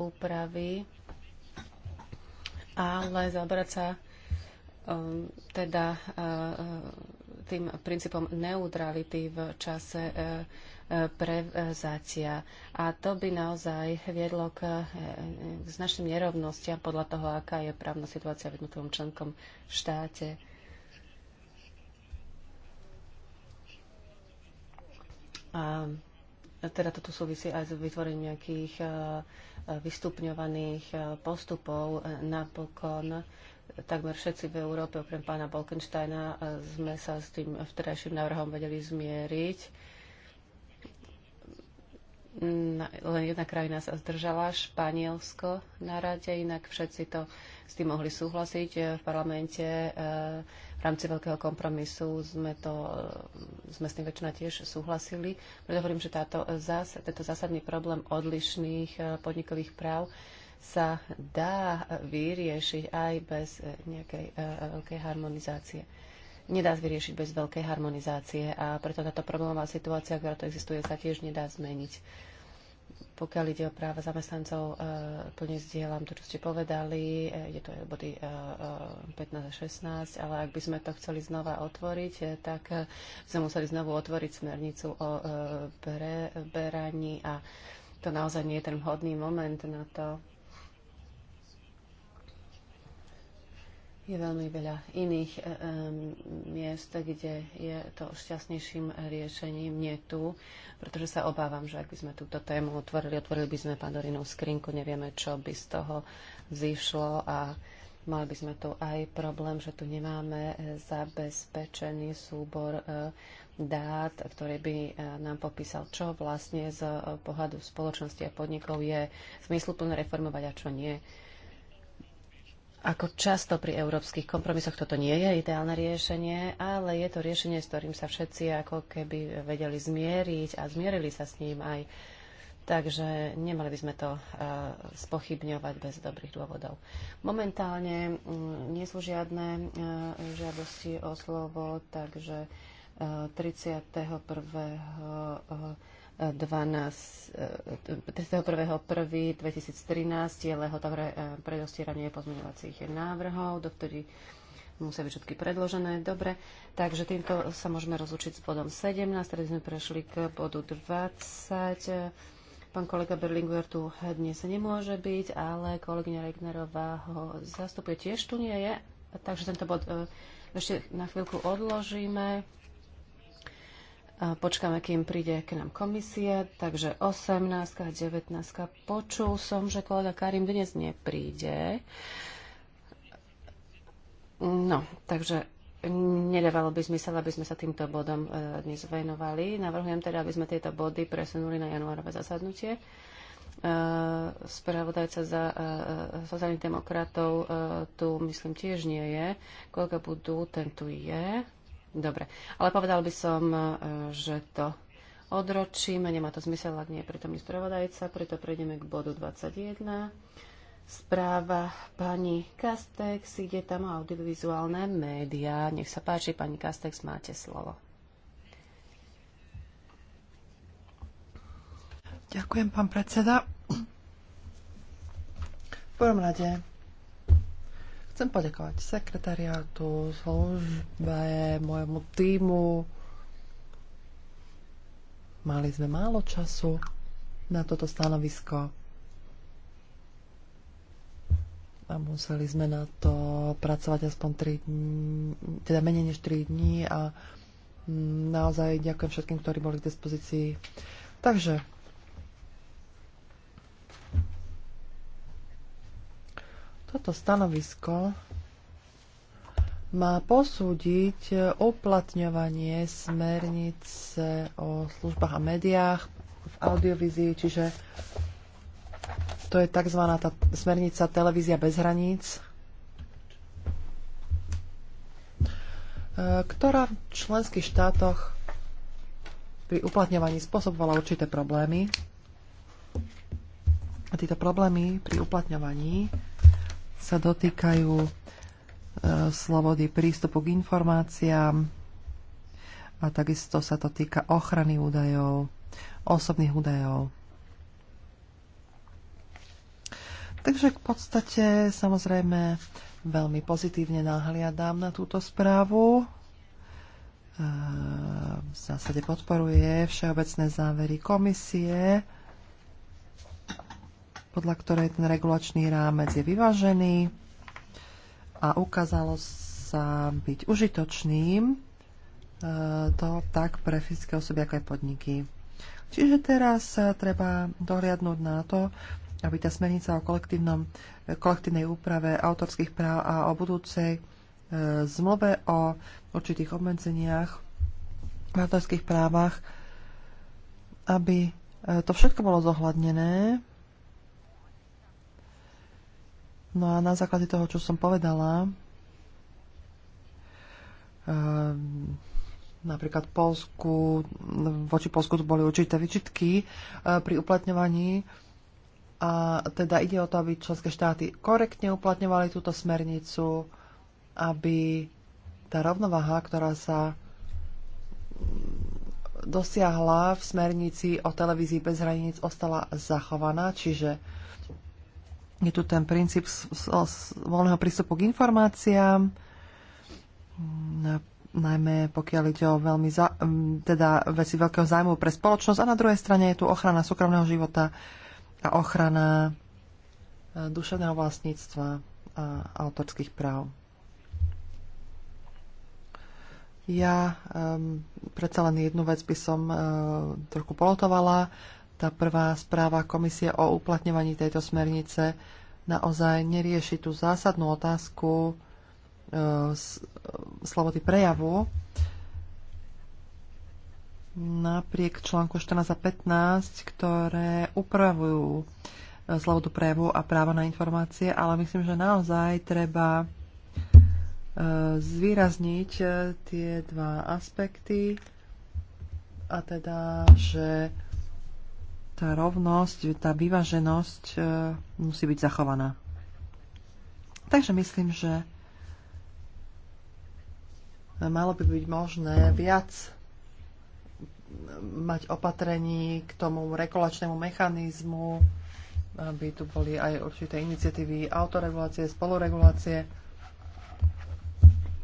úpravy, ale zabrať sa teda tým princípom neutrality v čase prevzácia. A to by naozaj viedlo k, eh, k značným nerovnostiam podľa toho, aká je právna situácia v jednotlivom členkom štáte. A teda toto súvisí aj s vytvorením nejakých eh, vystupňovaných eh, postupov. Napokon takmer všetci v Európe, okrem pána Bolkensteina, sme sa s tým vterajším návrhom vedeli zmieriť len jedna krajina sa zdržala, Španielsko na rade, inak všetci to s tým mohli súhlasiť. E, v parlamente e, v rámci veľkého kompromisu sme, to, e, sme s tým väčšina tiež súhlasili. Preto hovorím, že táto, zás, tento zásadný problém odlišných podnikových práv sa dá vyriešiť aj bez nejakej veľkej harmonizácie nedá vyriešiť bez veľkej harmonizácie a preto táto problémová situácia, ktorá tu existuje, sa tiež nedá zmeniť. Pokiaľ ide o práva zamestnancov, e, plne zdieľam to, čo ste povedali, e, je to body 15 e, a 16, ale ak by sme to chceli znova otvoriť, tak sme museli znovu otvoriť smernicu o beraní a to naozaj nie je ten vhodný moment na to. Je veľmi veľa iných um, miest, kde je to šťastnejším riešením, nie tu, pretože sa obávam, že ak by sme túto tému otvorili, otvorili by sme Pandorinu skrinku, nevieme, čo by z toho zišlo a mali by sme tu aj problém, že tu nemáme e, zabezpečený súbor uh, dát, ktorý by nám popísal, čo vlastne z pohľadu spoločnosti a podnikov je zmysluplné reformovať a čo nie. Ako často pri európskych kompromisoch toto nie je ideálne riešenie, ale je to riešenie, s ktorým sa všetci ako keby vedeli zmieriť a zmierili sa s ním aj. Takže nemali by sme to uh, spochybňovať bez dobrých dôvodov. Momentálne um, nie sú žiadne uh, žiadosti o slovo, takže uh, 31. 31.1.2013 e, e, je lehota pre e, predostieranie pozmeňovacích návrhov, do ktorých musia byť všetky predložené. Dobre, takže týmto sa môžeme rozlučiť s bodom 17, teraz sme prešli k bodu 20. Pán kolega Berlinguer tu dnes nemôže byť, ale kolegyňa Regnerová ho zastupuje. Tiež tu nie je, takže tento bod ešte na chvíľku odložíme. Počkáme, kým príde k nám komisia, takže 18 a 19. Počul som, že kolega Karim dnes nepríde. No, takže nedávalo by zmysel, aby sme sa týmto bodom e, dnes venovali. Navrhujem teda, aby sme tieto body presunuli na januárové zasadnutie e, spravodajca za e, sociálnych demokratov tu myslím tiež nie je. koľko Budú, ten tu je. Dobre, ale povedal by som, e, že to odročíme, nemá to zmysel, ak nie je pritomný spravodajca, preto prejdeme k bodu 21. Správa pani Kastex, ide tam audiovizuálne médiá. Nech sa páči, pani Kastex, máte slovo. Ďakujem, pán predseda. V prvom rade Chcem poďakovať sekretariátu, službe, môjmu týmu. Mali sme málo času na toto stanovisko a museli sme na to pracovať aspoň 3 dní, teda menej než 3 dní a mm, naozaj ďakujem všetkým, ktorí boli k dispozícii. Takže Toto stanovisko má posúdiť uplatňovanie smernice o službách a médiách v audiovizii, čiže to je tzv. Tá smernica Televízia bez hraníc, ktorá v členských štátoch pri uplatňovaní spôsobovala určité problémy. A títo problémy pri uplatňovaní sa dotýkajú e, slobody prístupu k informáciám a takisto sa to týka ochrany údajov, osobných údajov. Takže v podstate samozrejme veľmi pozitívne nahliadám na túto správu. E, v zásade podporuje všeobecné závery komisie podľa ktorej ten regulačný rámec je vyvážený a ukázalo sa byť užitočným e, to tak pre fyzické osoby, ako aj podniky. Čiže teraz e, treba dohliadnúť na to, aby tá smernica o kolektívnej úprave autorských práv a o budúcej e, zmluve o určitých obmedzeniach v autorských právach, aby to všetko bolo zohľadnené No a na základe toho, čo som povedala, ehm, napríklad Polsku, voči Polsku tu boli určité vyčitky eh, pri uplatňovaní a teda ide o to, aby členské štáty korektne uplatňovali túto smernicu, aby tá rovnováha, ktorá sa mm, dosiahla v smernici o televízii bez hraníc, ostala zachovaná, čiže je tu ten princíp voľného prístupu k informáciám, najmä pokiaľ ide o veľmi za, teda veci veľkého zájmu pre spoločnosť a na druhej strane je tu ochrana súkromného života a ochrana e, duševného vlastníctva a autorských práv. Ja um, predsa len jednu vec by som uh, trochu polotovala tá prvá správa komisie o uplatňovaní tejto smernice naozaj nerieši tú zásadnú otázku e, e slobody prejavu. Napriek článku 14 a 15, ktoré upravujú e, slobodu prejavu a práva na informácie, ale myslím, že naozaj treba e, zvýrazniť tie dva aspekty a teda, že tá rovnosť, tá vyváženosť e, musí byť zachovaná. Takže myslím, že malo by byť možné viac mať opatrení k tomu regulačnému mechanizmu, aby tu boli aj určité iniciatívy autoregulácie, spoloregulácie.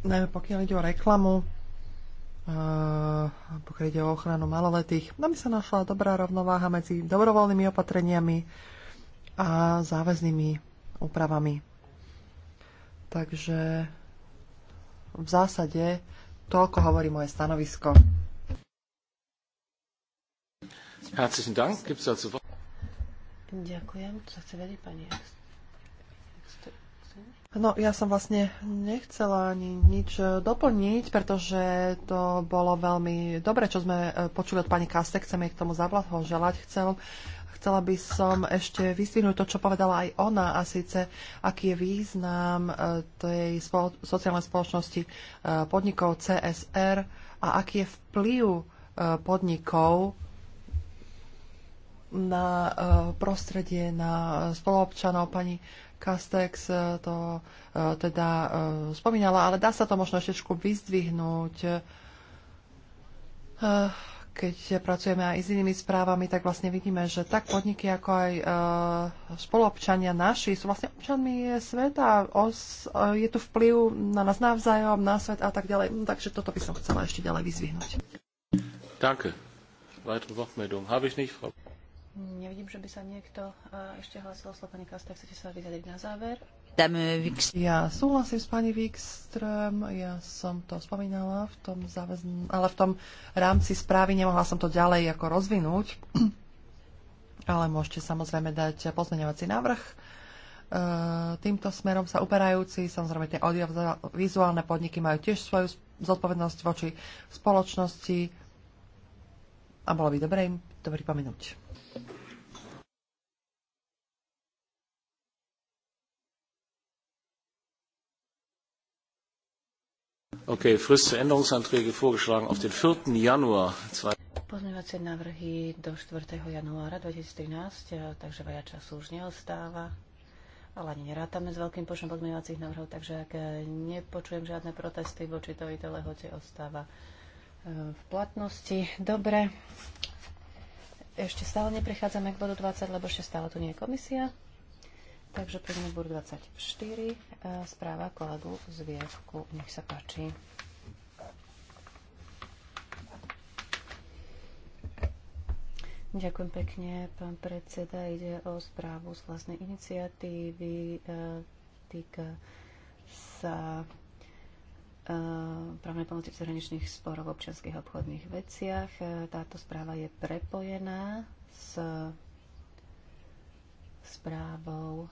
Najmä pokiaľ ide o reklamu, Eh, pokiaľ ide o ochranu maloletých, aby sa našla dobrá rovnováha medzi dobrovoľnými opatreniami a záväznými úpravami. Takže v zásade toľko hovorí moje stanovisko. Herzlichen Dank. Gibt's dazu Ďakujem. Co chce vedieť, pani No, ja som vlastne nechcela ani nič eh, doplniť, pretože to bolo veľmi dobre, čo sme eh, počuli od pani Kaste. Chcem jej k tomu zablahoželať. Chcel, chcela by som ešte vyzdvihnúť to, čo povedala aj ona, a síce, aký je význam eh, tej spolo- sociálnej spoločnosti podnikov CSR a aký je vplyv podnikov na prostredie, na spoloobčanov Pani Castex eh, to eh, teda eh, spomínala, ale dá sa to možno ešte trošku vyzdvihnúť. Keď pracujeme aj s inými správami, tak vlastne vidíme, že tak podniky ako aj spoluobčania naši sú vlastne občanmi sveta. je tu vplyv na nás navzájom, na svet a tak ďalej. No, takže toto by som chcela ešte ďalej vyzvihnúť. Ďakujem. Weitere Wortmeldung habe ich nicht, Frau. Nevidím, že by sa niekto e, ešte hlasil slovo. Pani Kasta, chcete sa vyjadriť na záver? Ja súhlasím s pani Wikström, ja som to spomínala v tom záväzn... ale v tom rámci správy nemohla som to ďalej ako rozvinúť, ale môžete samozrejme dať pozmeňovací návrh. E, týmto smerom sa uperajúci, samozrejme tie audiovizuálne podniky majú tiež svoju zodpovednosť voči spoločnosti a bolo by dobre im to pripomenúť. Okay, Frist für Änderungsanträge vorgeschlagen auf den 4. Januar 2013. Pozmeňovacie návrhy do 4. januára 2013, eh, takže veľa času už neostáva, ale ani nerátame s veľkým počtom pozmeňovacích návrhov, takže ak eh, nepočujem žiadne protesty voči tejto lehote, ostáva eh, v platnosti. Dobre, ešte stále neprechádzame k bodu 20, lebo ešte stále tu nie je komisia. Takže poďme k 24. E, správa kolegu z Viesku. Nech sa páči. Ďakujem pekne, pán predseda. Ide o správu z vlastnej iniciatívy. E, týka sa e, právnej pomoci v zahraničných sporoch v občianských obchodných veciach. Táto správa je prepojená s správou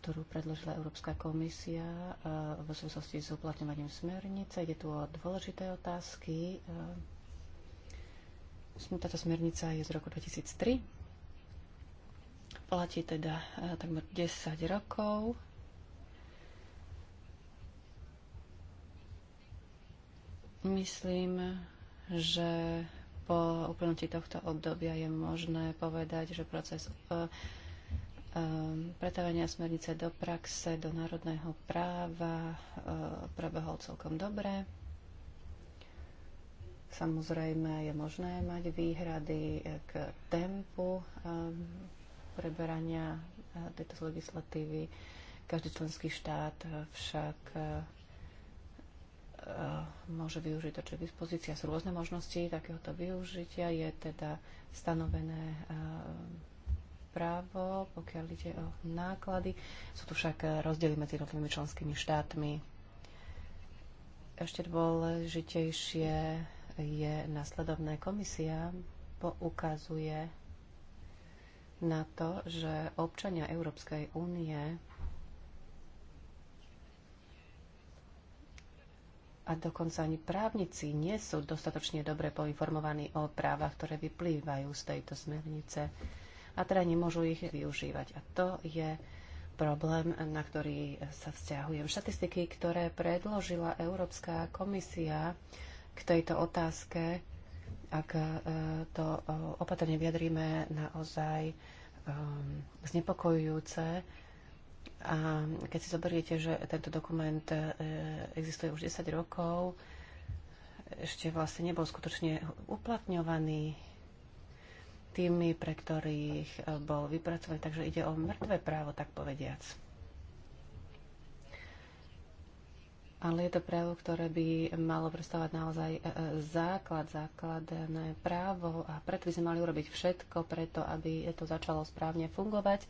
ktorú predložila Európska komisia eh, v súvislosti s uplatňovaním smernice. Ide tu o dôležité otázky. Eh, táto smernica je z roku 2003. Platí teda eh, takmer 10 rokov. Myslím, že po uplnutí tohto obdobia je možné povedať, že proces Ehm, pretavenia smernice do praxe, do národného práva ehm, prebehol celkom dobre. Samozrejme je možné mať výhrady eh, k tempu ehm, preberania eh, tejto legislatívy. Každý členský štát eh, však môže využiť to, čo je dispozícia. Sú rôzne možnosti takéhoto využitia. Je teda stanovené právo, pokiaľ ide o náklady. Sú tu však rozdiely medzi jednotlivými členskými štátmi. Ešte dôležitejšie je nasledovné. Komisia poukazuje na to, že občania Európskej únie a dokonca ani právnici nie sú dostatočne dobre poinformovaní o právach, ktoré vyplývajú z tejto smernice a teda nemôžu ich využívať. A to je problém, na ktorý sa vzťahujem. Štatistiky, ktoré predložila Európska komisia k tejto otázke, ak e, to e, opatrne vyjadríme naozaj e, znepokojujúce, a keď si zoberiete, že tento dokument existuje už 10 rokov, ešte vlastne nebol skutočne uplatňovaný, tými, pre ktorých eh, bol vypracovaný. Takže ide o mŕtve právo, tak povediac. Ale je to právo, ktoré by malo predstavovať naozaj eh, eh, základ, základné právo a preto by sme mali urobiť všetko preto, aby to začalo správne fungovať.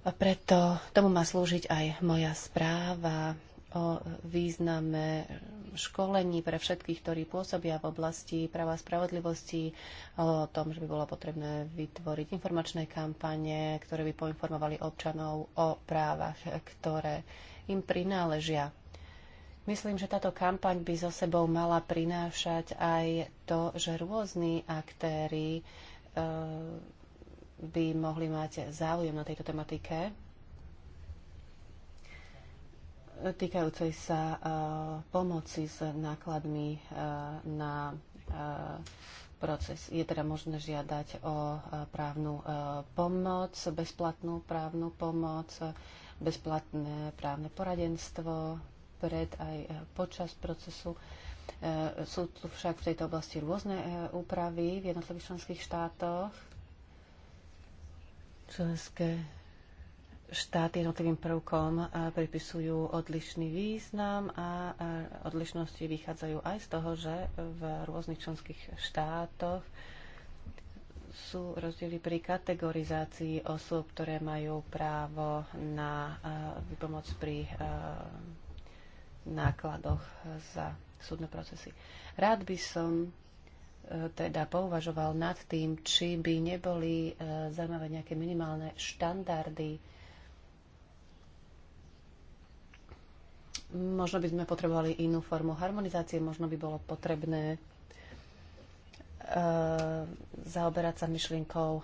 A preto tomu má slúžiť aj moja správa o význame školení pre všetkých, ktorí pôsobia v oblasti práva a spravodlivosti, o tom, že by bolo potrebné vytvoriť informačné kampane, ktoré by poinformovali občanov o právach, ktoré im prináležia. Myslím, že táto kampaň by so sebou mala prinášať aj to, že rôzni aktéry e, by mohli mať záujem na tejto tematike týkajúcej sa e, pomoci s nákladmi e, na e, proces. Je teda možné žiadať o právnu pomoc, bezplatnú právnu pomoc, bezplatné právne poradenstvo pred aj počas procesu. Sú tu však v tejto oblasti rôzne úpravy v jednotlivých členských štátoch. Členské štáty jednotlivým prvkom eh, pripisujú odlišný význam a eh, odlišnosti vychádzajú aj z toho, že v rôznych členských štátoch sú rozdiely pri kategorizácii osôb, ktoré majú právo na eh, pomoc pri nákladoch za súdne procesy. Rád by som teda pouvažoval nad tým, či by neboli zaujímavé nejaké minimálne štandardy Možno by sme potrebovali inú formu harmonizácie, možno by bolo potrebné e, zaoberať sa myšlienkou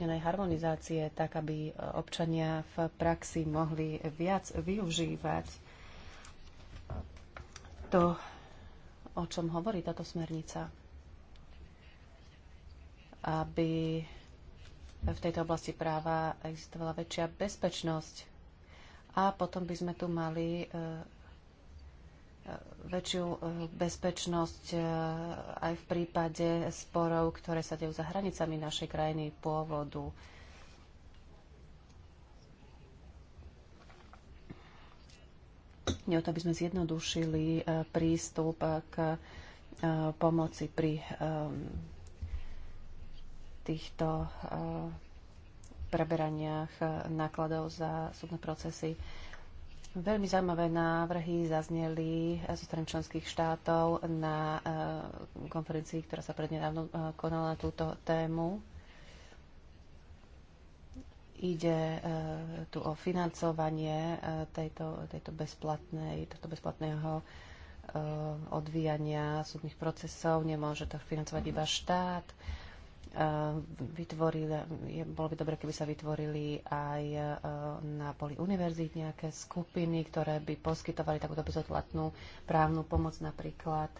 e, harmonizácie, tak aby občania v praxi mohli viac využívať to, o čom hovorí táto smernica. Aby v tejto oblasti práva existovala väčšia bezpečnosť a potom by sme tu mali e, e, väčšiu e, bezpečnosť aj v prípade sporov, ktoré sa dejú za hranicami našej krajiny pôvodu. Je o to, aby sme zjednodušili prístup k pomoci pri týchto preberaniach nákladov za súdne procesy. Veľmi zaujímavé návrhy zazneli zo strany členských štátov na eh, konferencii, ktorá sa prednedávno eh, konala na túto tému. Ide eh, tu o financovanie tejto, tejto bezplatnej, tohto bezplatného odvíjania súdnych procesov. Nemôže to financovať iba štát Eh, vytvorili, je, bolo by dobre, keby sa vytvorili aj eh, na poli univerzít nejaké skupiny, ktoré by poskytovali takúto bezodplatnú právnu pomoc napríklad.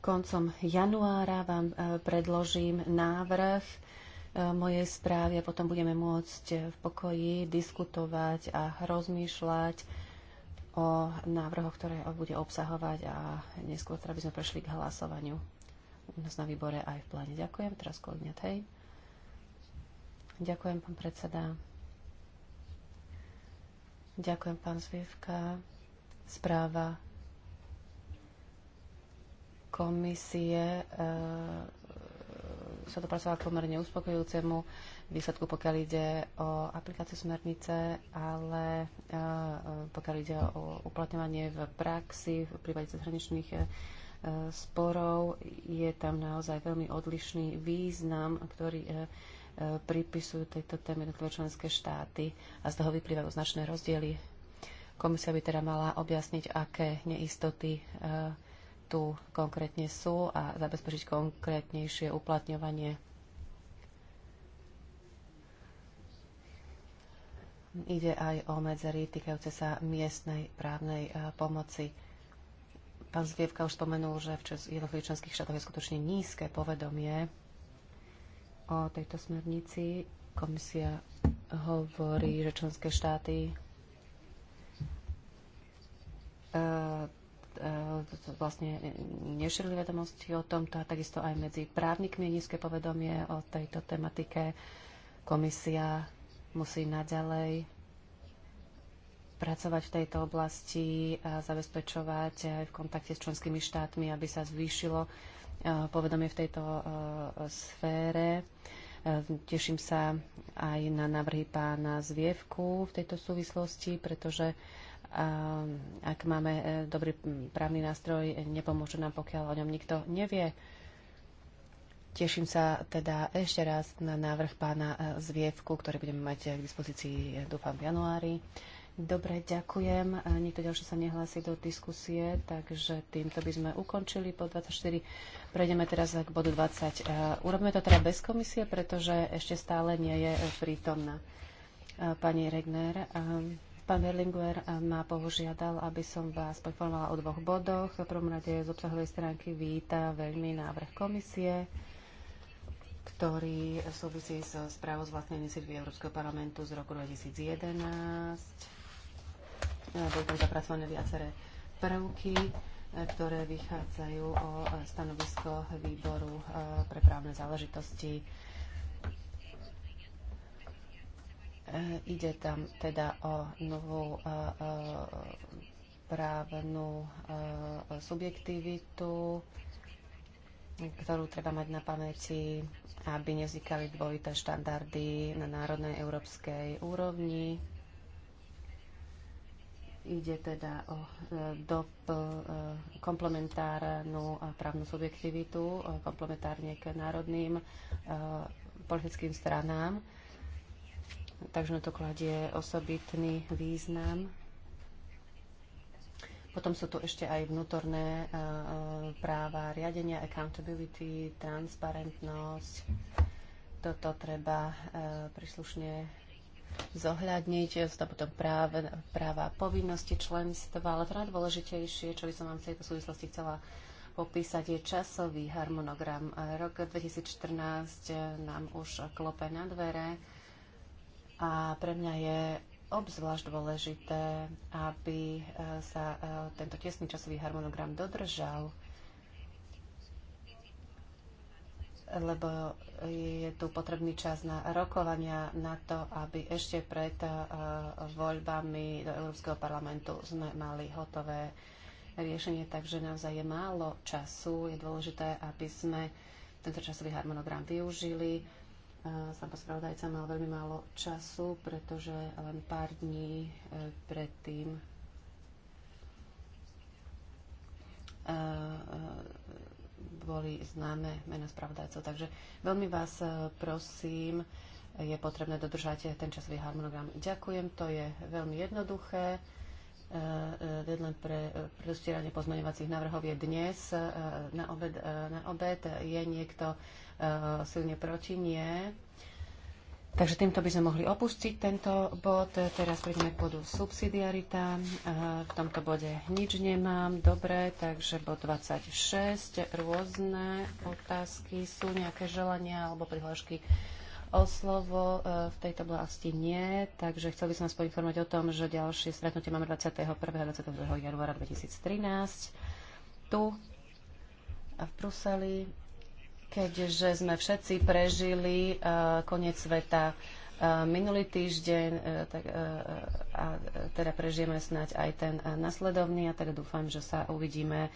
Koncom januára vám eh, predložím návrh mojej správy a potom budeme môcť v pokoji diskutovať a rozmýšľať o návrhoch, ktoré bude obsahovať a neskôr teda by sme prešli k hlasovaniu u nás na výbore aj v pláne. Ďakujem. Teraz kolegyňa Tej. Ďakujem, pán predseda. Ďakujem, pán Zvievka. Správa komisie e sa to dopracovať pomerne uspokojujúcemu výsledku, pokiaľ ide o aplikáciu smernice, ale e, e, pokiaľ ide o uplatňovanie v praxi v prípade cezhraničných e, sporov, je tam naozaj veľmi odlišný význam, ktorý pripisujú tejto téme jednotlivé členské štáty a z toho vyplývajú značné rozdiely. Komisia by teda mala objasniť, aké neistoty tu konkrétne sú a zabezpečiť konkrétnejšie uplatňovanie. Ide aj o medzery týkajúce sa miestnej právnej e, pomoci. Pán Zvievka už spomenul, že v jednotlivých členských štátoch je skutočne nízke povedomie o tejto smernici. Komisia hovorí, že členské štáty e, E, vlastne nešili vedomosti o tomto a takisto aj medzi právnikmi je nízke povedomie o tejto tematike. Komisia musí naďalej pracovať v tejto oblasti a zabezpečovať aj v kontakte s členskými štátmi, aby sa zvýšilo e, povedomie v tejto e, sfére. Teším sa aj na návrhy pána Zvievku v tejto súvislosti, pretože ak máme e, dobrý právny nástroj, nepomôže nám, pokiaľ o ňom nikto nevie. Teším sa teda ešte raz na návrh pána e, Zvievku, ktorý budeme mať e, k dispozícii, dúfam, v januári. Dobre, ďakujem. Nikto ďalší sa nehlási do diskusie, takže týmto by sme ukončili po 24. Prejdeme teraz k bodu 20. Urobíme to teda bez komisie, pretože ešte stále nie je prítomná pani Regner. Pán Erlinguer eh, ma požiadal, aby som vás poinformovala o dvoch bodoch. V prvom rade z obsahovej stránky víta veľmi návrh komisie, ktorý súvisí s so správou z vlastnej iniciatívy Európskeho parlamentu z roku 2011. Eh, boli tam zapracované viaceré prvky, eh, ktoré vychádzajú o stanovisko výboru pre právne záležitosti Eh, ide tam teda o novú eh, eh, právnu subjektivitu, ktorú treba mať na pamäti, aby nevznikali dvojité štandardy na národnej európskej úrovni. Ide teda o dopl, komplementárnu právnu subjektivitu, komplementárne k národným politickým stranám takže na to kladie osobitný význam. Potom sú tu ešte aj vnútorné e, e, práva riadenia, accountability, transparentnosť. Toto treba e, príslušne zohľadniť, sú to potom práve, práva a povinnosti členstva, ale to najdôležitejšie, čo by som vám v tejto súvislosti chcela popísať, je časový harmonogram. Rok 2014 nám už klope na dvere a pre mňa je obzvlášť dôležité, aby e, sa e, tento tesný časový harmonogram dodržal, lebo je tu potrebný čas na rokovania na to, aby ešte pred e, voľbami do Európskeho parlamentu sme mali hotové riešenie, takže naozaj je málo času. Je dôležité, aby sme tento časový harmonogram využili Sám spravodajca mal veľmi málo času, pretože len pár dní e, predtým e, e, boli známe mena spravodajcov. Takže veľmi vás prosím, je potrebné dodržať ten časový harmonogram. Ďakujem, to je veľmi jednoduché deadline pre e, predostieranie pozmeňovacích návrhov je dnes e, na obed, e, na obed. Je niekto silne proti? Nie. Takže týmto by sme mohli opustiť tento bod. Teraz prídeme k bodu subsidiarita. V tomto bode nič nemám. Dobre, takže bod 26. Rôzne otázky. Sú nejaké želania alebo prihlášky o slovo e, v tejto oblasti nie, takže chcel by som vás poinformovať o tom, že ďalšie stretnutie máme 21. a 22. januára 2013 tu a v Bruseli, keďže sme všetci prežili e, koniec sveta e, minulý týždeň tak, a teda prežijeme snáď aj ten nasledovný a teda dúfam, že sa uvidíme